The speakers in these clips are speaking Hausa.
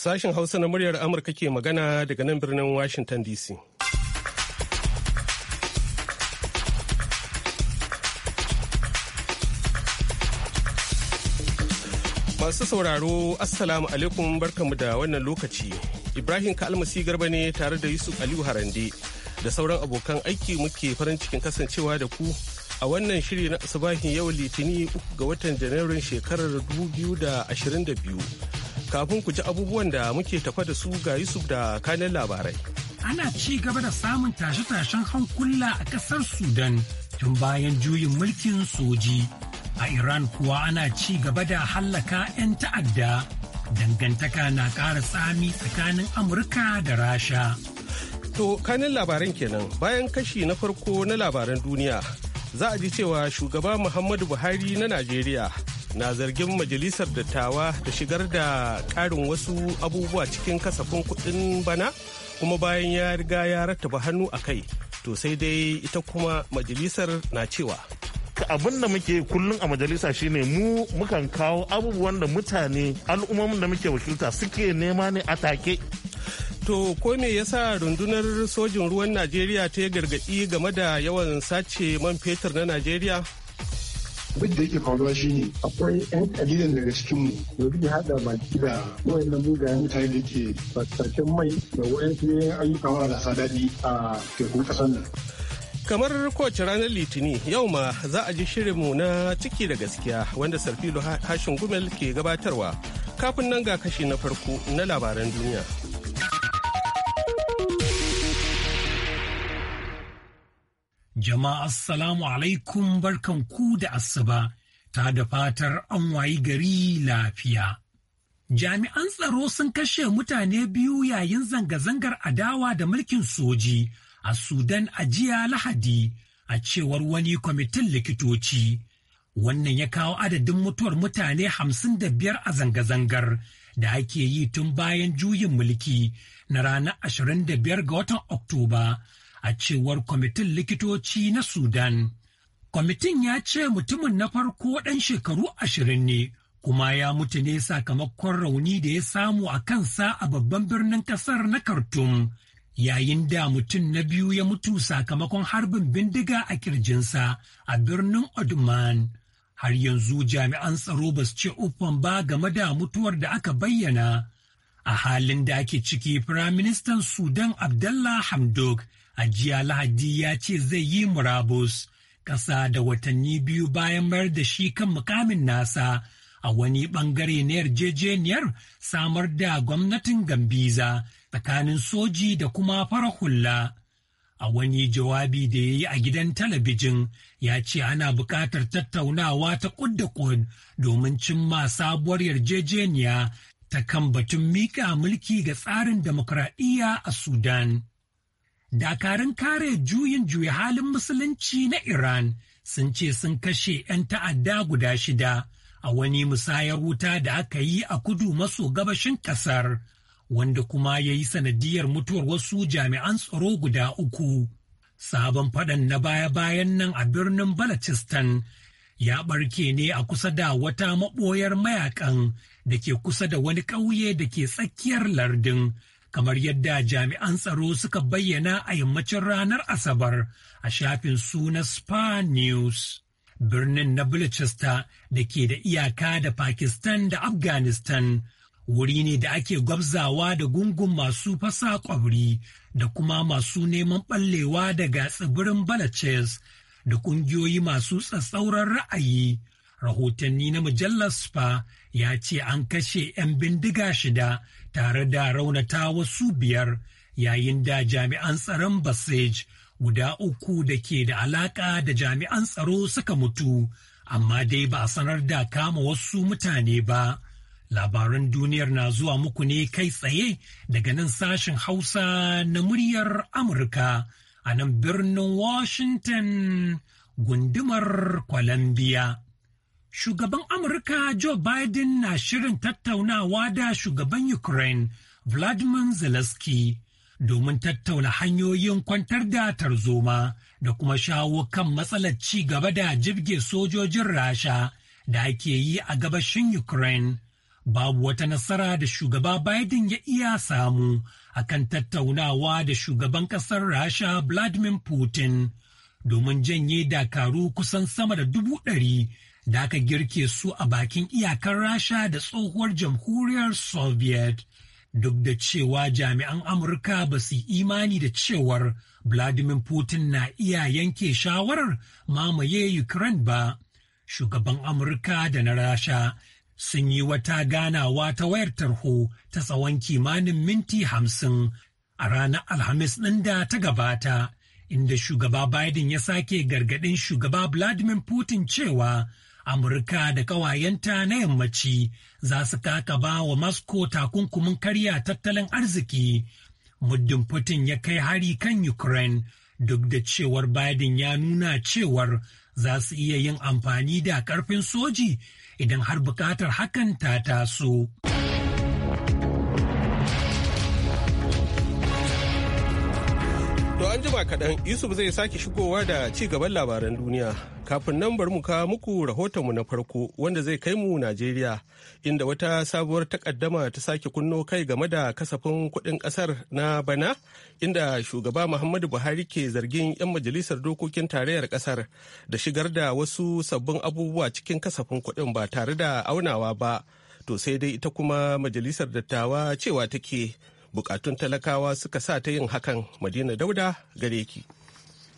Sashen Hausa na muryar Amurka ke magana daga nan birnin Washington DC. Masu sauraro, Assalamu alaikum barkamu da wannan lokaci. Ibrahim Kalmasi Garba ne tare da Yusuf Aliyu Harande da sauran abokan aiki muke farin cikin kasancewa da ku a wannan shiri na asubahin yau litini 3 ga watan Janairun shekarar 2022. kafin ku ji abubuwan da muke tafa da su ga Yusuf da kanin labarai. Ana ci gaba da samun tashe-tashen hankula a ƙasar Sudan tun bayan juyin mulkin soji. A Iran kuwa ana ci gaba da hallaka 'yan ta'adda. Dangantaka na ƙara tsami tsakanin Amurka da Rasha. To, kanin labaran kenan bayan kashi na farko na labaran duniya. Za a ji cewa shugaba Muhammadu Buhari na Najeriya na zargin majalisar dattawa da shigar da karin wasu abubuwa cikin kasafin kuɗin bana kuma bayan ya riga ya rattaba hannu a kai to sai dai ita kuma majalisar na cewa abin da muke kullum a majalisa shine mu mukan kawo abubuwan da mutane al'ummomin da muke wakilta suke nema ne a take to ko me yasa rundunar sojin ruwan najeriya ta gargaɗi game da yawan sace man fetur na najeriya duk da yake faruwa shine akwai yan kalilin daga cikin mu da suke hada baki da wayannan mugayen mutane da ke fasashen mai da su yayin ayyuka marasa daɗi a tekun kasan nan. kamar kowace ranar Litinin, yau ma za a ji shirin mu na ciki da gaskiya wanda sarfilo hashin gumel ke gabatarwa kafin nan ga kashi na farko na labaran duniya. Jama'a Assalamu alaikum barkan ku da asuba ta da fatar an wayi gari lafiya. Jami'an tsaro sun kashe mutane biyu yayin zanga-zangar adawa da mulkin soji a Sudan ajiya Lahadi a cewar wani kwamitin likitoci. Wannan ya kawo adadin mutuwar mutane hamsin da biyar a zanga-zangar da ake yi tun bayan juyin mulki na ranar 25 ga watan Oktoba. a cewar kwamitin likitoci na Sudan. Kwamitin ya ce mutumin na farko ɗan shekaru ashirin ne, kuma ya mutu ne sakamakon rauni da ya samu a kansa a babban birnin ƙasar na Khartoum. Yayin da mutum na biyu ya mutu sakamakon harbin bindiga a kirjinsa a birnin Odman. Har yanzu jami'an tsaro ba su ce uffan ba game da mutuwar da aka bayyana. A halin da ake ciki, Firaministan Sudan Abdallah Hamdok a jiya lahadi ya ce zai yi murabus ƙasa da watanni biyu bayan mayar da shi kan mukamin nasa a wani ɓangare na yarjejeniyar samar da gwamnatin gambiza tsakanin soji da kuma fara hula. a wani jawabi da ya yi a gidan talabijin ya ce ana buƙatar tattaunawa ta ƙudda da ƙud domin cimma sabuwar yarjejeniya ta kan batun miƙa mulki ga tsarin demokradiyya a sudan dakarun kare juyin juya halin musulunci na Iran sun ce sun kashe 'yan ta'adda guda shida a wani musayar wuta da aka yi a kudu maso gabashin kasar wanda kuma ya yi sanadiyar mutuwar wasu jami'an tsaro guda uku. Sabon faɗan na baya-bayan nan a birnin Balochistan ya ɓarke ne a kusa da wata maɓoyar mayakan da ke kusa da wani ƙauye da ke tsakiyar lardin kamar yadda jami'an tsaro suka bayyana a yammacin ranar Asabar a shafin suna Spa News. Birnin na Bulchester da ke da iyaka da Pakistan da Afghanistan wuri ne da ake gwabzawa da gungun masu fasa kwabri da kuma masu neman ɓallewa daga tsibirin Balaches da ƙungiyoyi masu tsatsauran ra'ayi. Rahotanni na mujallar Spa ya ce an kashe 'yan bindiga shida tare da raunata wasu biyar yayin da jami'an tsaron Basij guda uku da ke da alaka da jami'an tsaro suka mutu, amma dai ba a sanar da kama wasu mutane ba. Labaran duniyar na zuwa muku ne kai tsaye daga nan sashen Hausa na muryar Amurka a nan birnin Washington gundumar Columbia. Shugaban Amurka Joe Biden na shirin tattaunawa da shugaban Ukraine Vladimir Zelensky domin tattauna hanyoyin kwantar da tarzoma da kuma shawo kan matsalar ci gaba da jirge sojojin Rasha da ake yi a gabashin Ukraine. Babu wata nasara da shugaba Biden ya iya samu akan tattaunawa da shugaban ƙasar Rasha Vladimir Putin domin janye dakaru kusan sama da dubu ɗari da aka girke su a bakin iyakar Rasha da tsohuwar jamhuriyar Soviet. Duk da cewa jami'an Amurka ba su imani da cewar Vladimir Putin na iya yanke shawarar mamaye Ukraine ba, shugaban Amurka da na Rasha sun yi wata ganawa ta wayar tarho ta tsawon kimanin minti hamsin a ranar Alhamis ɗin da ta gabata, inda shugaba Biden ya sake gargaɗin shugaba Vladimir Putin cewa Amurka da ƙawayenta na yammaci za su ba wa Moscow takunkumin karya tattalin arziki. Muddin Putin ya kai hari kan Ukraine duk da cewar Biden ya nuna cewar za su iya yin amfani da ƙarfin soji idan har bukatar hakan ta taso. an jima kaɗan Yusuf zai sake shigowa da ci gaban labaran duniya. Kafin nan bari mu kawo muku mu na farko wanda zai kai mu Najeriya inda wata sabuwar takaddama ta sake kunno kai game da kasafin kuɗin ƙasar na bana inda shugaba Muhammadu Buhari ke zargin 'yan majalisar dokokin tarayyar ƙasar da shigar da wasu sabbin abubuwa cikin kasafin kuɗin ba tare da aunawa ba. To sai dai ita kuma majalisar dattawa cewa take bukatun talakawa suka sa ta yin hakan madina dauda gare ki.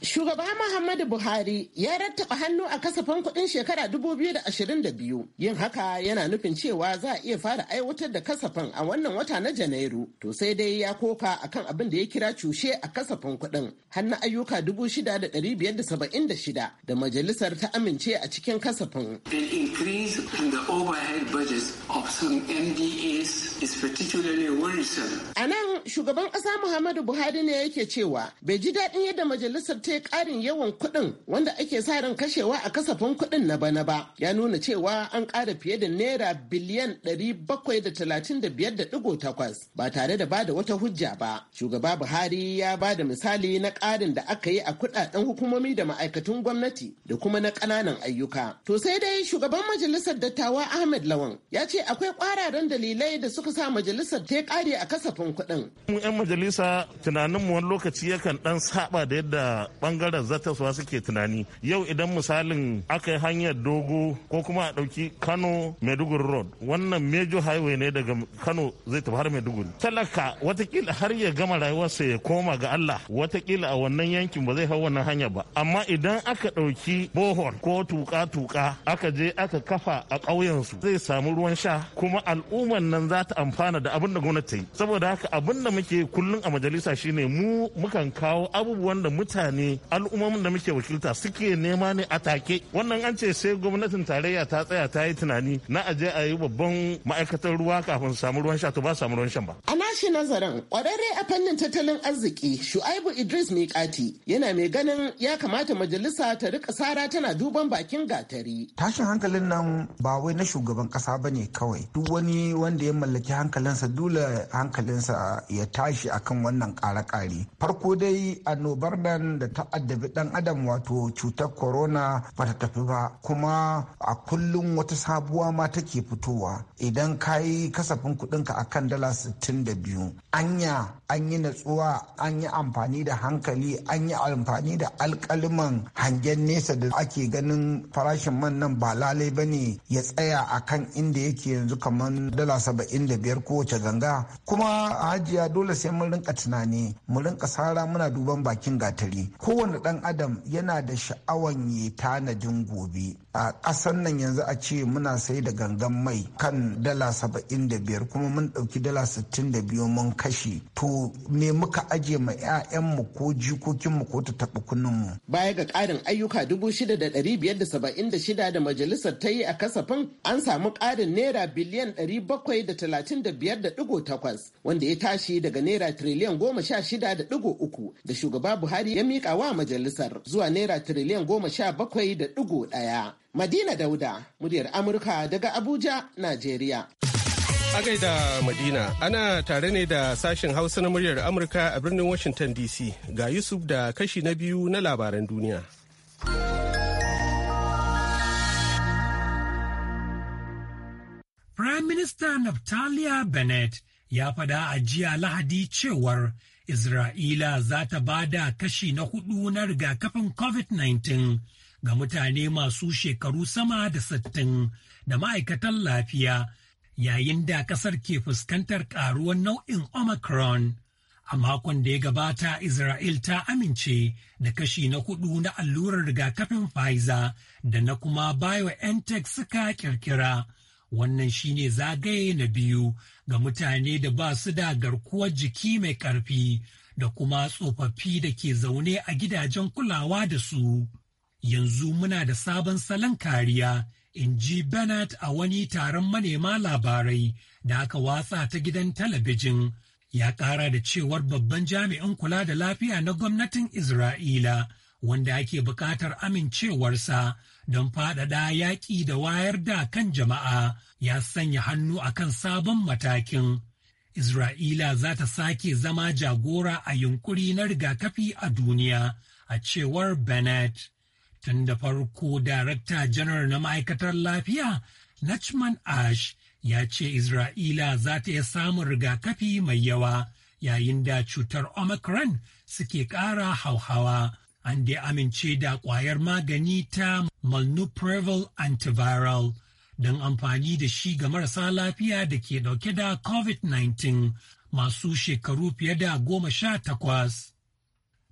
Shugaba Muhammadu Buhari ya rattaba hannu a kasafin kuɗin shekara 2022. Yin haka yana nufin cewa za a iya fara aiwatar da kasafin a wannan wata na Janairu. To sai dai ya koka akan abin da ya kira cushe a kasafin kuɗin. Hannu ayyuka 6,576 da majalisar ta amince a cikin kasafin. An increase in the overhead budgets of some MDAs is particularly worrisome. A nan shugaban ƙasa Muhammadu Buhari ne yake cewa bai ji daɗin yadda majalisar ta ce ƙarin yawan kuɗin wanda ake sa ran kashewa a kasafin kuɗin na bana ba ya nuna cewa an ƙara fiye da naira biliyan 735.8 ba tare da bada wata hujja ba. Shugaba Buhari ya ba da misali na ƙarin da aka yi a kuɗaɗen hukumomi da ma'aikatun gwamnati da kuma na ƙananan ayyuka. To sai dai shugaban majalisar dattawa Ahmed Lawan ya ce akwai ƙwararen dalilai da suka sa majalisar ta ƙare a kasafin kuɗin. Mu 'yan majalisa tunaninmu wani lokaci yakan ɗan saba da yadda bangaren zataswa suke tunani yau idan misalin aka yi hanyar dogo ko kuma a ɗauki kano maiduguri road wannan major highway ne daga kano zai tafi har maiduguri talaka watakila har ya gama rayuwarsa ya koma ga allah watakila a wannan yankin ba zai hau wannan hanya ba amma idan aka ɗauki bohol ko tuka-tuka aka je aka kafa a ƙauyensu zai samu ruwan sha kuma al'ummar nan za ta amfana da abin da gwamnati ta yi saboda haka abin da muke kullum a majalisa shine mu mukan kawo abubuwan da mutane ne al'ummomin da muke wakilta suke nema ne a take wannan an ce sai gwamnatin tarayya ta tsaya ta yi tunani na aje a yi babban ma'aikatar ruwa kafin samu ruwan sha to ba samu ruwan shan ba a nashi nazarin kwararre a fannin tattalin arziki shu'aibu idris miƙati yana mai ganin ya kamata majalisa ta rika sara tana duban bakin gatari tashin hankalin nan ba wai na shugaban kasa ba ne kawai duk wani wanda ya mallaki hankalinsa dole hankalinsa ya tashi akan wannan kare-kare farko dai annobar nan da ta ta addabi dan adam wato cutar corona ba ta tafi ba kuma a kullum wata sabuwa ma take fitowa idan ka yi kasafin kuɗinka a kan dala 62 anya an yi natsuwa an yi amfani da hankali an yi amfani da alkaliman hangen nesa da ake ganin farashin man nan ba lalai ba ne ya tsaya a kan inda yake yanzu kamar dala saba'in da 75 kowace ganga kuma hajiya dole sai mun rinka tunani mu rinka sara muna duban bakin gatari ko kowane ɗan adam yana da sha'awan ya tanadin gobe a ƙasan nan yanzu a ce muna sai da gangan mai kan dala saba'in da biyar kuma mun ɗauki dala sittin da biyu mun kashe to me muka aje ma 'ya'yanmu ko jikokinmu ko ta taɓa kunninmu. baya ga ƙarin ayyuka dubu shida da ɗari biyar da saba'in da shida da majalisar ta yi a kasafin an samu ƙarin naira biliyan ɗari bakwai da talatin da biyar da ɗigo takwas wanda ya tashi daga naira tiriliyan goma sha shida da ɗigo uku da shugaba buhari ya miƙa wa majalisar zuwa naira tiriliyan goma sha bakwai da ɗigo ɗaya. Madina Dauda, muryar Amurka daga Abuja, Najeriya. A gaida Madina, ana tare ne da sashen Hausa na muryar Amurka a birnin Washington DC ga Yusuf da kashi na biyu na labaran duniya. Prime Minister Naftalia Bennett ya faɗa a jiya Lahadi cewar Isra'ila za ta ba da kashi na hudu na rigakafin COVID-19 ga mutane masu shekaru sama da sittin da ma'aikatan lafiya yayin da kasar ke fuskantar karuwar nau'in omicron a makon da ya gabata isra'il ta amince da kashi na hudu na allurar rigakafin pfizer da na kuma biontech suka kirkira wannan shine zagaye na biyu ga mutane da ba su da garkuwar jiki mai karfi da kuma tsofaffi da ke zaune a gidajen kulawa da su yanzu muna da sabon salon kariya in ji Bennett a wani taron manema labarai da aka watsa ta gidan talabijin ya ƙara da cewar babban jami'in kula da lafiya na gwamnatin Isra'ila wanda ake buƙatar amincewarsa don faɗaɗa yaƙi da wayar da kan jama'a ya sanya hannu a kan sabon matakin. Isra'ila za ta sake zama jagora a yunkuri na rigakafi a duniya a cewar Bennett. Tun da farko Darakta Janar na Ma'aikatar Lafiya, Nachman Ash, ya ce Isra'ila za ta iya samun rigakafi mai yawa yayin da cutar Omicron suke ƙara hauhawa. An dai amince da ƙwayar magani ta Molnupiravir antiviral don amfani da shi ga marasa lafiya da ke dauke da COVID-19 masu shekaru fiye da goma sha takwas.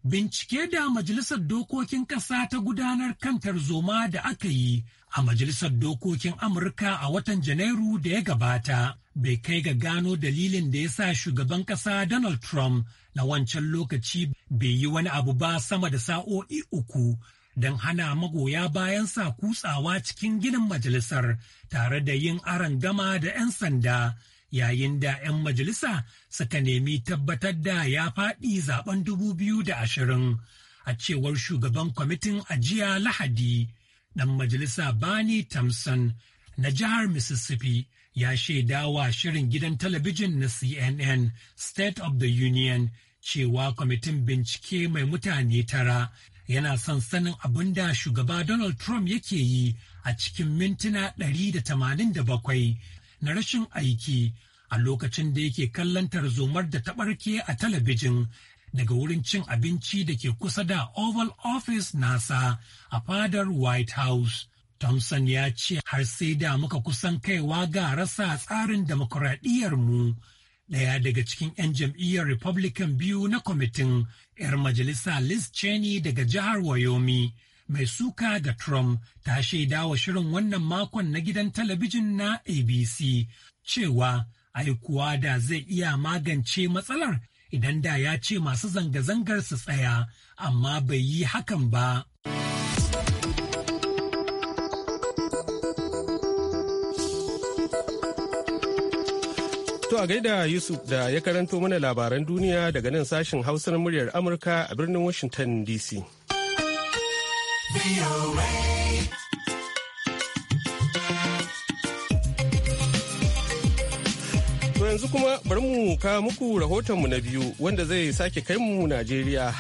Bincike da Majalisar Dokokin Ƙasa ta gudanar kan tarzoma da aka yi a Majalisar Dokokin Amurka a watan Janairu da ya gabata bai kai ga gano dalilin da ya sa shugaban ƙasa Donald Trump na wancan lokaci bai yi wani abu ba sama da sa'o'i uku don hana magoya bayan sa kutsawa cikin ginin majalisar tare da yin aron gama da 'yan sanda yayin da 'yan majalisa suka nemi tabbatar da ya faɗi zaben 2020 a cewar shugaban kwamitin ajiya lahadi ɗan majalisa bani thompson na jihar mississippi ya shaidawa shirin gidan talabijin na cnn state of the union cewa kwamitin bincike mai mutane tara yana son sanin abin da shugaba donald trump yake yi a cikin mintuna 187 na rashin aiki a lokacin da yake kallon tarzomar da ta ɓarke a talabijin daga wurin cin abinci da ke kusa da Oval Office nasa a fadar White House. Thompson ya ce har sai da muka kusan kaiwa ga rasa tsarin mu. Ɗaya daga cikin 'yan jam'iyyar Republican biyu na kwamitin 'yar majalisa Liz Cheney daga jihar Wyoming mai suka ga Trump ta shaidawa shirin wannan makon na gidan talabijin na ABC cewa aikuwa da zai iya magance matsalar idan da ya ce masu zanga-zangar su tsaya, amma bai yi hakan ba. To a gaida Yusuf da ya karanto mana labaran duniya daga nan sashen hausar muryar Amurka a birnin Washington DC. To yanzu kuma bari mu kawo muku rahotonmu na biyu wanda zai sake kai mu Najeriya.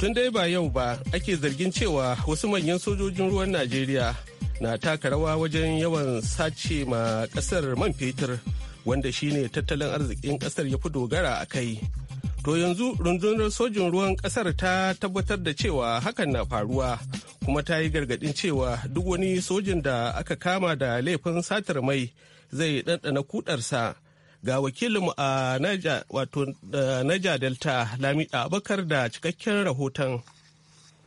Tun dai ba yau ba ake zargin cewa wasu manyan sojojin ruwan Najeriya na taka rawa wajen yawan sace ma kasar man fetur wanda shine tattalin arzikin kasar ya fi dogara a kai To yanzu rundunar sojin ruwan kasar ta tabbatar da cewa hakan na faruwa kuma ta yi gargadin cewa duk wani sojin da aka kama da laifin satar mai zai ɗanɗana kudarsa ga wakilinmu a Naja eh, Delta Lamida Abakar da cikakken rahoton.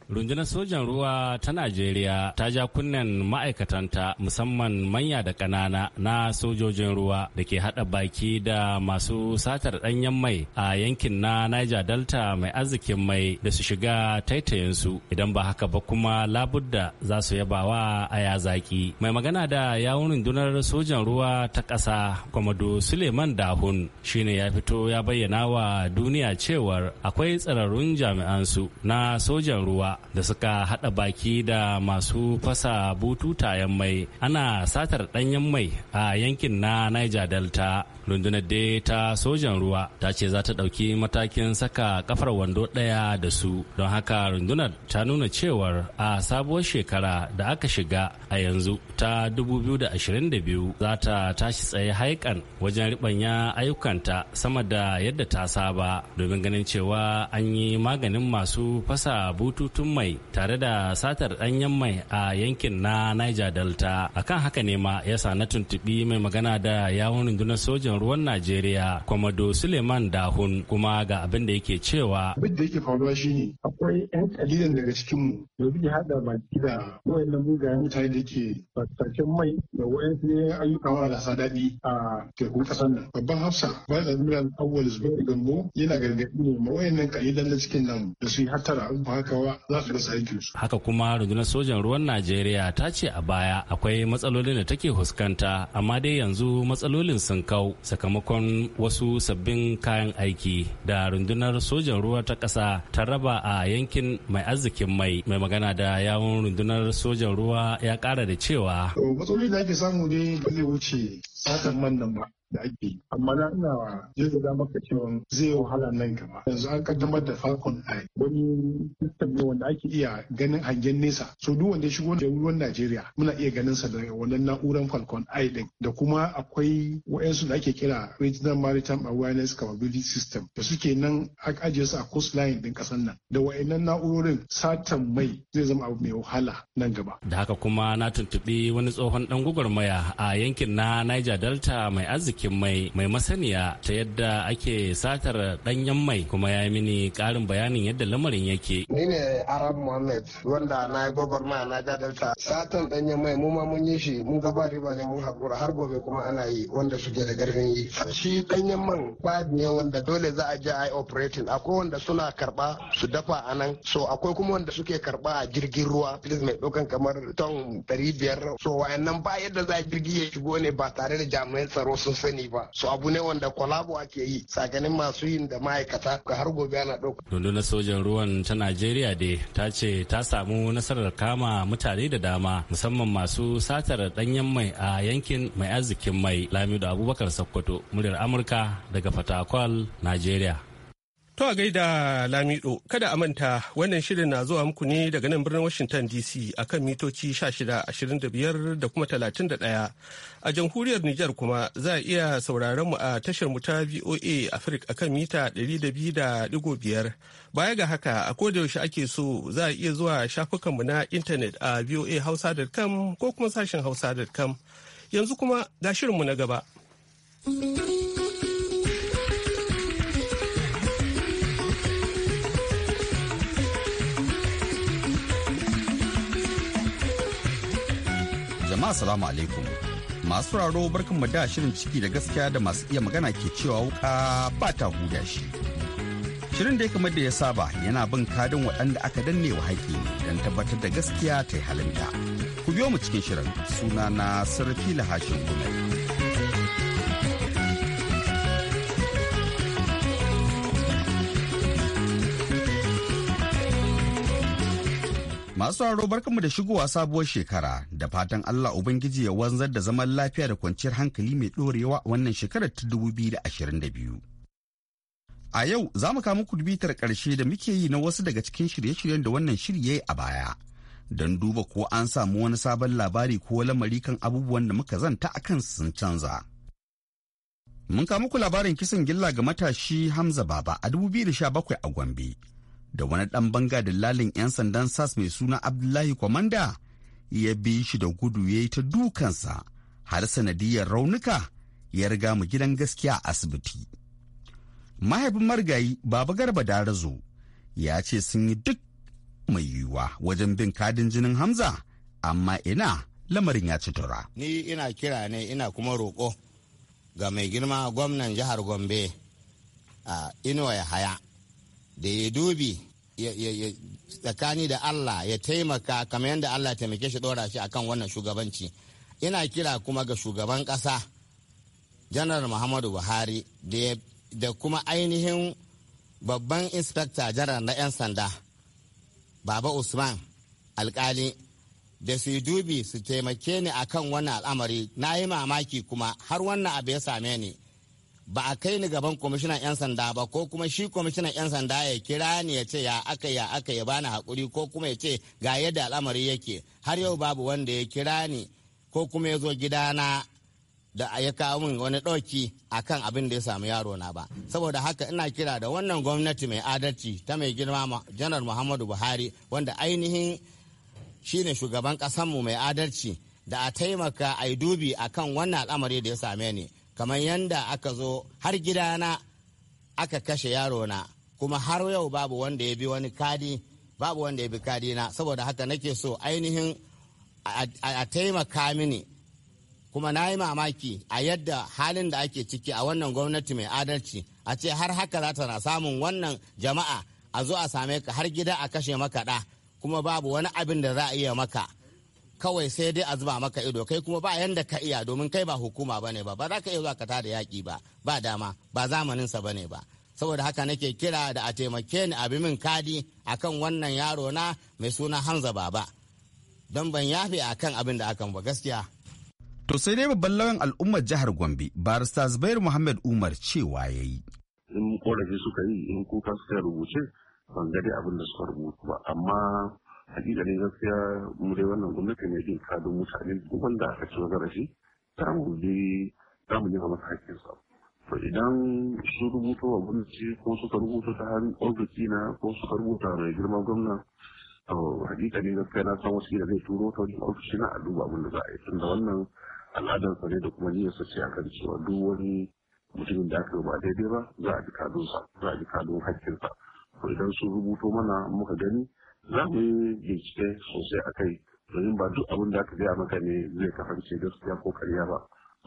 rundunar sojan ruwa ta najeriya ta ja kunnen ma'aikatanta musamman manya da ƙanana na sojojin ruwa da ke haɗa baki da masu satar ɗanyen mai a yankin na niger delta mai arzikin mai da su shiga taitayinsu idan ba haka ba kuma labudda za su yabawa a zaki. mai magana da yawun rundunar sojan ruwa ta ƙasa kwamado suleiman dahun shine ya fito ya bayyana wa duniya cewar akwai tsararrun jami'ansu na sojan ruwa da suka haɗa baki da masu fasa bututayen mai ana satar ɗanyen mai a yankin na Niger Delta rundunar dai ta sojan ruwa ta ce za ta ɗauki matakin saka kafar wando ɗaya da su don haka rundunar ta nuna cewar a sabuwar shekara da aka shiga a yanzu ta 2022 za ta tashi tsaye haikan wajen ribanya ayyukanta sama da yadda ta saba domin ganin cewa an yi maganin masu fasa bututun mai tare da satar ɗanyen mai a yankin na niger delta akan haka ne ma yasa na tuntubi mai magana da yawon rundunar sojan sojin ruwan Najeriya Kwamado Suleiman Dahun kuma ga abin da yake cewa. Abin da yake faruwa shine akwai 'yan kalilan daga cikin da suke hada baki da wayannan mugayen mutane da ke fasaken mai da wayansu ne ayyuka da daɗi a tekun ƙasar nan. Babban Hafsa bayan admiral Awal Zubairu Gambo yana gargaɗi ne ma wayannan kalilan na cikin nan da su yi hattara in haka ba za su rasa su. Haka kuma rundunar sojan ruwan Najeriya ta ce a baya akwai matsalolin da take fuskanta amma dai yanzu matsalolin sun kau sakamakon wasu sabbin kayan aiki da rundunar sojan ruwa ta ƙasa ta raba a yankin mai arzikin mai mai magana da yawon rundunar sojan ruwa ya ƙara da cewa matsaloli da ake samu ne wuce nan ba da ake yi amma na ina jaddada maka cewa zai wahala nan gaba yanzu an kaddamar da falcon eye wani system ne wanda ake iya ganin hangen nesa so duk wanda ya shigo ruwan najeriya muna iya ganin sa daga wannan na'urar falcon eye din da kuma akwai wa'yansu da ake kira regional maritime awareness capability system da suke nan aka ajiye su a coastline din kasar nan da wa'annan na'urorin satan mai zai zama abu mai wahala nan gaba da haka kuma na tuntuɓi wani tsohon dan gwagwarmaya a yankin na niger delta mai arziki aikin mai mai masaniya ta yadda ake satar ɗanyen mai kuma ya yi mini karin bayanin yadda lamarin yake. Ni ne Arab Mohammed wanda na yi ma na jadarta Satar danyen mai mu ma mun yi shi mun gaba riba ne mun haƙura har gobe kuma ana yi wanda su da garin yi. Shi danyen man kwad ne wanda dole za a je a yi operating akwai wanda suna karɓa su dafa a nan so akwai kuma wanda suke karɓa a jirgin ruwa mai ɗaukan kamar ton ɗari biyar so wayannan ba yadda za a jirgi ya shigo ne ba tare da jami'an tsaro sun sai. sani ba so abu ne wanda kwalabo ake yi tsakanin masu yin da ma'aikata ga har gobe ana ɗauka. rundunar sojan ruwan ta najeriya de ta ce ta samu nasarar kama mutane da dama musamman masu satar ɗanyen mai a yankin mai arzikin mai lamido abubakar sokoto muryar amurka daga fatakwal najeriya. To a gaida Lamido, kada a manta wannan shirin na zuwa muku ne daga nan birnin Washington DC akan mitoci 1625 da kuma 31. A jamhuriyar Nijar kuma za a iya sauraron mu a tashar mu ta VOA Africa akan mita 200.5. Baya ga haka a koda yaushe ake so za a iya zuwa shafukanmu na intanet a voahausa.com ko kuma sashen hausa.com. Yanzu kuma ga shirinmu na gaba. jama'a salamu alaikum masu raro barkan mu da shirin ciki da gaskiya da masu iya magana ke cewa wuka ba ta huda shi shirin da ya kamar da ya saba yana bin kadin waɗanda aka danne wa haƙi don tabbatar da gaskiya ta yi halinta ku biyo mu cikin shirin suna na sarfi lahashin gumai Masu sauraro barkanmu da shigowa sabuwar shekara da fatan Allah Ubangiji ya wanzar da zaman lafiya da kwanciyar hankali mai ɗorewa wannan shekarar ta 2022. A yau za mu kama ku dubitar ƙarshe da muke yi na wasu daga cikin shirye-shiryen da wannan shirye a baya. Don duba ko an samu wani sabon labari ko lamari kan abubuwan da muka zanta a kan sun canza. Mun kama ku labarin kisan gilla ga matashi Hamza Baba a 2017 a Gombe. da wani ɗan banga da lalin 'yan sandan sas mai suna abdullahi kwamanda ya bi shi da gudu ya yi ta dukansa har sanadiyar raunuka ya riga mu gidan gaskiya a asibiti mahaifin marigayi baba garba darazo ya ce sun yi duk mai yiwuwa wajen bin kadin jinin hamza amma ina lamarin ya ci tura ni ina kira ne ina kuma roƙo ga mai girma gwamnan jihar gombe a inuwa ya haya da ya dubi tsakani da Allah ya taimaka kamar yadda Allah taimake shi ɗora shi akan wannan shugabanci ina kira kuma ga shugaban ƙasa janar muhammadu buhari da kuma ainihin babban inspector janar na 'yan sanda baba usman alkali da su yi dubi su taimake ni akan wannan al'amari na yi mamaki kuma har wannan abu ya same ni ba a kai ni gaban kwamishinan 'yan sanda ba ko kuma shi kwamishinan 'yan sanda ya kira ni ya ce ya aka ya aka ya bani hakuri ko kuma ya ce ga yadda al'amari yake har yau babu wanda ya kira ni ko kuma ya zo gidana da ya kawo min wani ɗauki a kan abin da ya samu yaro na ba saboda haka ina kira da wannan gwamnati mai adalci ta mai girma janar muhammadu buhari wanda ainihin shine shugaban ƙasanmu mai adalci da a taimaka a yi dubi a kan wannan al'amari da ya same ni kamar yanda aka zo har gidana aka kashe yaro na kuma har yau babu wanda ya bi wani kadi babu wanda ya bi kadina saboda haka nake so ainihin a taimaka mini kuma na yi mamaki a yadda halin da ake ciki a wannan gwamnati mai adalci a ce har haka za ta na samun wannan jama'a a zo a same ka har gida a kashe maka ɗa kuma babu wani abin da za a iya maka kawai sai dai a zuba maka ido kai kuma ba yanda ka iya domin kai ba hukuma bane ba ba za ka iya zuwa ka tada yaƙi ba ba dama ba zamanin sa bane ba saboda haka nake kira da a taimake ni abi min kadi akan wannan yaro na mai suna hamza Baba don ban yafe akan abin da akan ba gaskiya to sai dai babban lauyan al'ummar jihar Gombe barista Zubair Muhammad Umar cewa yayi in korafi suka yi in kuka suka rubuce ban ga dai abin da suka rubuta ba amma hakikalin gaskiya mu dai wannan gwamnati mai jin kadin mutane duk wanda aka ci zarafi za mu bi za mu nema masa hakkinsa to idan su rubuta wa gwamnati ko suka rubuta ta harin ofisi na ko suka rubuta mai girma gwamna to hakikalin gaskiya na san wasu da zai turo ta wani ofishi na a duba abin da za a yi tunda wannan al'adar sa ne da kuma niyyar sa ce a kan cewa duk wani mutumin da aka ba daidai ba za a ji kadunsa za a ji kadun sa to idan su rubuto mana muka gani za mu yi bincike sosai a kai domin ba duk abin da aka gaya maka ne zai kasance gaskiya ko karya ba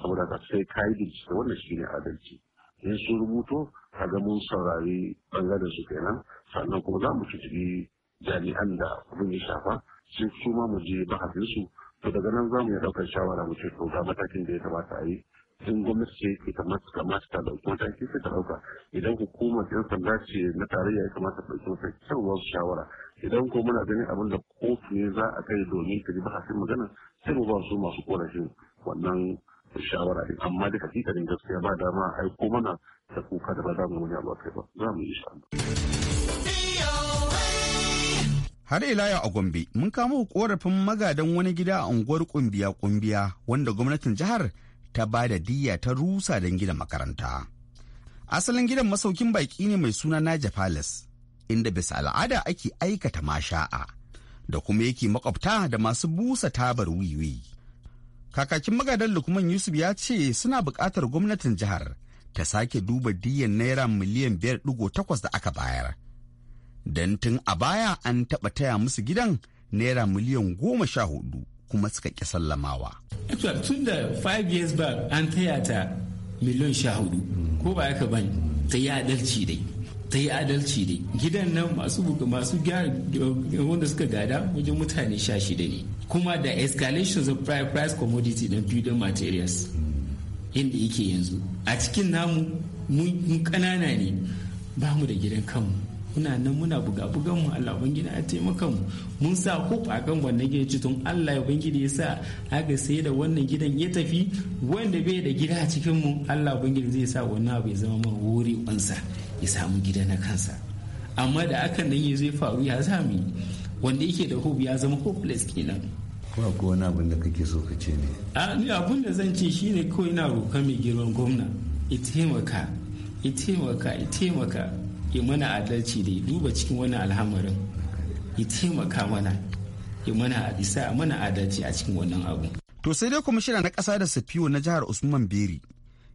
saboda ka sai ka yi bincike wannan shi ne adalci in sun rubuto kaga mun saurari bangaren su kenan sannan kuma za mu tuntuɓi jami'an da abin ya shafa sai su ma mu je bahasinsu to daga nan za mu iya ɗaukar shawara mu ce to ga matakin da ya kamata a yi in gwamnati ce ke kamata ta ɗauki mataki sai ta ɗauka idan hukumar yan sanda ce na tarayya ya kamata ta ɗauki mataki su shawara idan ko muna ganin abin da kotu ne za a kai domin ta ji bahasin magana sai mu ba su masu korafin wannan shawara din amma duka hakikanin gaskiya ba dama a aiko mana ta kuka da ba za mu wani abu ba za mu yi Har ila yau a Gombe, mun kamo korafin magadan wani gida a unguwar kumbiya kumbiya wanda gwamnatin jihar ta ba da diyya ta rusa don gina makaranta. Asalin gidan masaukin baki ne mai suna Naja Palace, inda bisa al'ada ake aikata masha'a da kuma yake makwabta da masu busa tabar wiwi. Kakakin magadan Lukman Yusuf ya ce suna buƙatar gwamnatin jihar ta sake duba diyan naira miliyan biyar takwas da aka bayar. Don tun a baya an taɓa taya musu gidan naira miliyan goma sha hudu kuma suka ƙi sallamawa. tun da 5 years back an taya ta miliyan sha hudu ko ba yaka ban ta dai. ta yi adalci ne gidan nan masu masu wanda suka gada wajen mutane sha shida ne kuma da escalations of price commodity na building materials yadda yake yanzu a cikin namu mun kanana ne ba mu da gidan kanmu muna nan muna buga bugan mu Allah ubangiji ya taimaka mu mun sa a akan wannan gidan tun Allah ya ubangiji ya sa aka sai da wannan gidan ya tafi wanda bai da gida a cikin mu Allah ubangiji zai sa wannan abu ya zama mana wuri ya samu gida na kansa amma da aka nan ya zai faru ya zami wanda yake da hope ya zama hopeless kenan ba ko wani abin da kake so ka ce ne a ni abin da zan ce shine kawai na roƙa mai girman gwamna ya taimaka ya taimaka ya taimaka ya mana adalci da ya duba cikin wani alhamarin ya taimaka mana ya mana isa mana adalci a cikin wannan abu to sai dai kwamishina na ƙasa da safiyo na jihar usman beri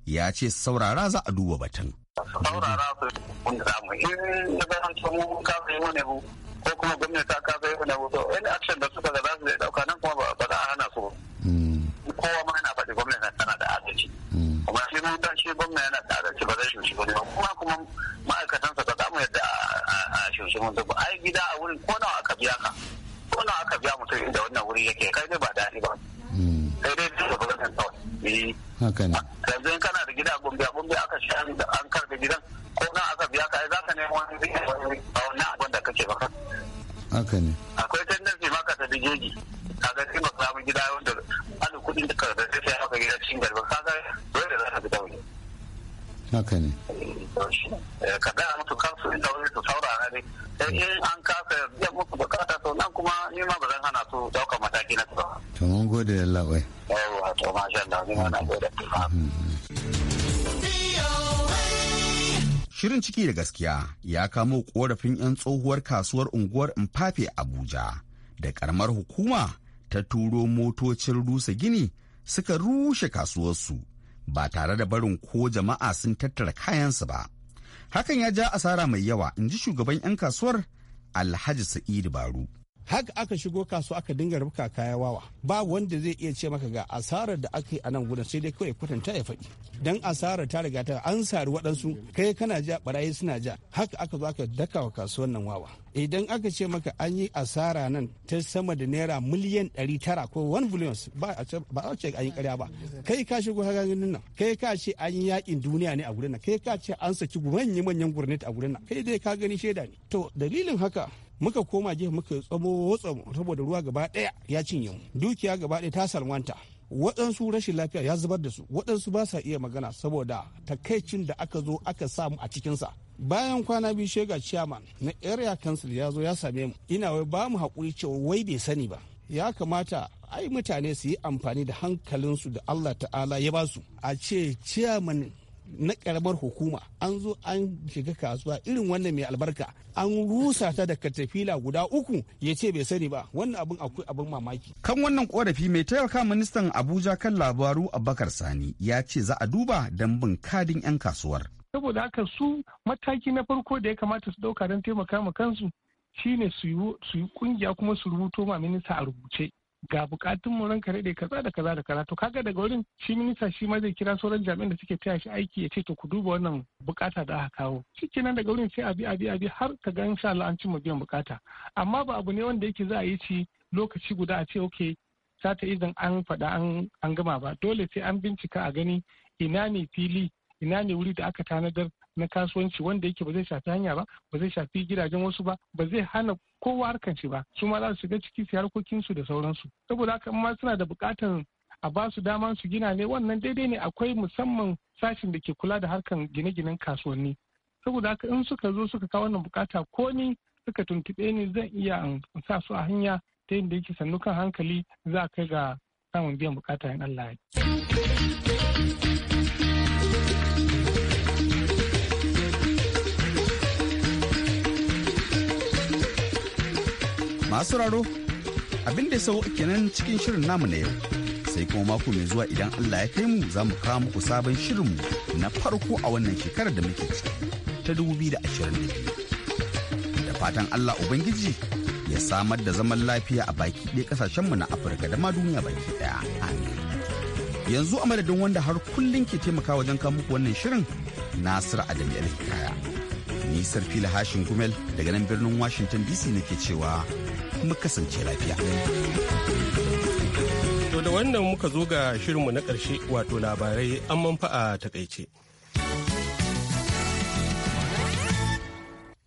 ya ce saurara za a duba batun saurara su wanda in mu ka yi wani abu ko kuma gwamnati ta ka yi wani to any action da suka ga za su dauka nan kuma ba za a hana su hmm. kowa ma yana faɗi gwamnati tana da adalci kuma hmm. shi mun tashi gwamnati yana da adalci ba zai shushi ba kuma kuma ba za mu yadda a shushi mun ai gida a wurin ko nawa aka biya ka ko nawa aka biya mutum inda wannan wuri yake kai dai ba daɗi ba hmm. sai dai duk da kawai haka ne And. ciki da gaskiya ya kamo korafin 'yan tsohuwar kasuwar unguwar Mfafe Abuja da karamar hukuma ta turo motocin rusa gini suka rushe kasuwarsu ba tare da barin ko jama'a sun tattara kayansu ba. Hakan ya ja asara mai yawa, in ji shugaban 'yan kasuwar Alhaji Sa'idu Baru. haka aka shigo kasuwa aka dinga rubka kaya wawa ba wanda zai iya ce maka ga asarar da aka yi a nan gudun sai dai kawai kwatanta ya faɗi dan asarar ta riga ta an sari waɗansu kai kana ja barayi suna ja haka aka zo aka daka wa kasuwan nan wawa idan aka ce maka an yi asara nan ta sama da naira miliyan tara ko one billion ba a ce an yi karya ba kai ka shigo ganin nan kai ka ce an yi yakin duniya ne a gurin nan kai ka ce an saki manyan manyan gurnati a gurin nan kai dai ka gani shaida ne to dalilin haka muka koma gefe muka tsamo tsamo saboda ruwa gaba ɗaya ya cinye mu dukiya gaba ɗaya ta salwanta waɗansu rashin lafiya ya zubar da su waɗansu ba sa iya magana saboda takaicin da aka zo aka samu a cikinsa bayan kwana biyu shega chairman na area council ya zo ya same mu ina wai ba mu haƙuri cewa wai bai sani ba ya kamata ai mutane su yi amfani da hankalinsu da allah ta'ala ya ba su a ce chairman na karamar hukuma an zo an shiga kasuwa irin wannan mai albarka an rusa ta da katafila guda uku ya ce bai sani ba wannan abin akwai abin mamaki kan wannan korafi mai taimaka ministan abuja kan labaru abubakar sani ya ce za a duba don bin kadin 'yan kasuwar saboda haka su mataki na farko da ya kamata su dauka don taimaka ma kansu shine su yi kungiya kuma su rubuto ma minista a rubuce ga bukatun mu ranka daɗe kaza da kaza da kaza to kaga daga wurin shi minista shi ma zai kira sauran jami'an da suke taya shi aiki ya ce to ku duba wannan bukata da aka kawo nan daga wurin sai abi abi abi har ka ga insha Allah an cimma biyan bukata amma ba abu ne wanda yake za a yi shi lokaci guda a ce okay sata idan an faɗa an gama ba dole sai an bincika a gani ina ne fili ina ne wuri da aka tanadar na kasuwanci wanda yake ba zai shafi hanya ba ba zai shafi gidajen wasu ba ba zai hana kowa harkan shi ba su ma za su shiga ciki su harkokin su da sauransu saboda haka ma suna da bukatan a ba su dama su gina ne wannan daidai ne akwai musamman sashin da ke kula da harkan gine-ginen kasuwanni saboda haka in suka zo suka kawo wannan bukata ko ni suka tuntube ni zan iya in sa su a hanya ta yadda yake sannu kan hankali za a kai ga samun biyan bukata in Allah ya masu raro abin da sau kenan cikin shirin namu na yau sai kuma mako mai zuwa idan Allah ya kai mu za mu kawo muku sabon shirinmu na farko a wannan shekarar da muke ciki ta 2022 da ashirin fatan Allah Ubangiji ya samar da zaman lafiya a baki ɗaya ƙasashenmu na Afirka da ma duniya baki ɗaya amin yanzu a madadin wanda har kullum ke taimaka wajen kawo muku wannan shirin Nasir Adam kaya. Nisar Fila Hashin Gumel daga nan birnin Washington DC nake cewa mu kasance lafiya. To da wannan muka zo ga shirinmu na ƙarshe wato labarai an manfa a takaice.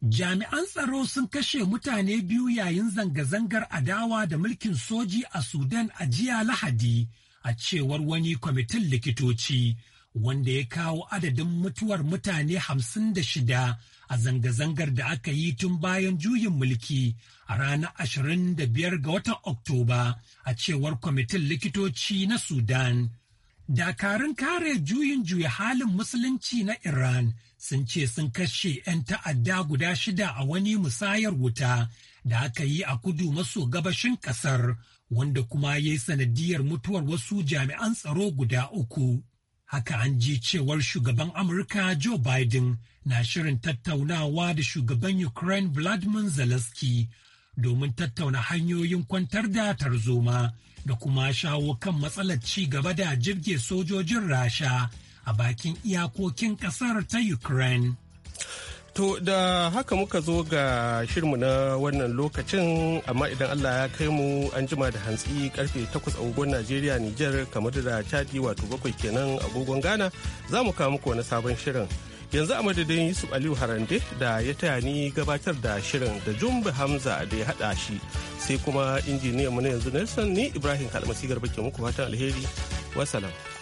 Jami'an tsaro sun kashe mutane biyu yayin zanga-zangar adawa da mulkin soji a Sudan a jiya Lahadi a cewar wani kwamitin likitoci wanda ya kawo adadin mutuwar mutane hamsin da shida a zanga-zangar da aka yi tun bayan juyin mulki a ranar 25 ga watan Oktoba a cewar kwamitin likitoci na Sudan. Dakarun kare juyin juya halin musulunci na Iran sun ce sun kashe 'yan ta'adda guda shida a wani musayar wuta da aka yi a kudu maso gabashin kasar wanda kuma ya yi sanadiyar mutuwar wasu jami'an tsaro guda uku. Haka an ji cewar shugaban Amurka Joe Biden na shirin tattaunawa da shugaban Ukraine Vladimir Zelensky domin tattauna hanyoyin kwantar da tarzoma da kuma shawo kan matsalar ci gaba da jirge sojojin Rasha a bakin iyakokin kasar ta Ukraine. To da haka muka zo ga shirmu na wannan lokacin amma idan Allah ya kai mu an jima da hantsi karfe 8 agogon Najeriya Nijar kamar da Chadi wato bakwai kenan agogon Ghana za mu kawo muku wani sabon shirin. Yanzu a madadin Yusuf Aliyu Harande da ya taya ni gabatar da shirin da Jumbe Hamza da ya haɗa shi sai kuma injiniyan mu na yanzu Nelson ni Ibrahim Kalmasi Garba ke muku fatan alheri. Wasalam.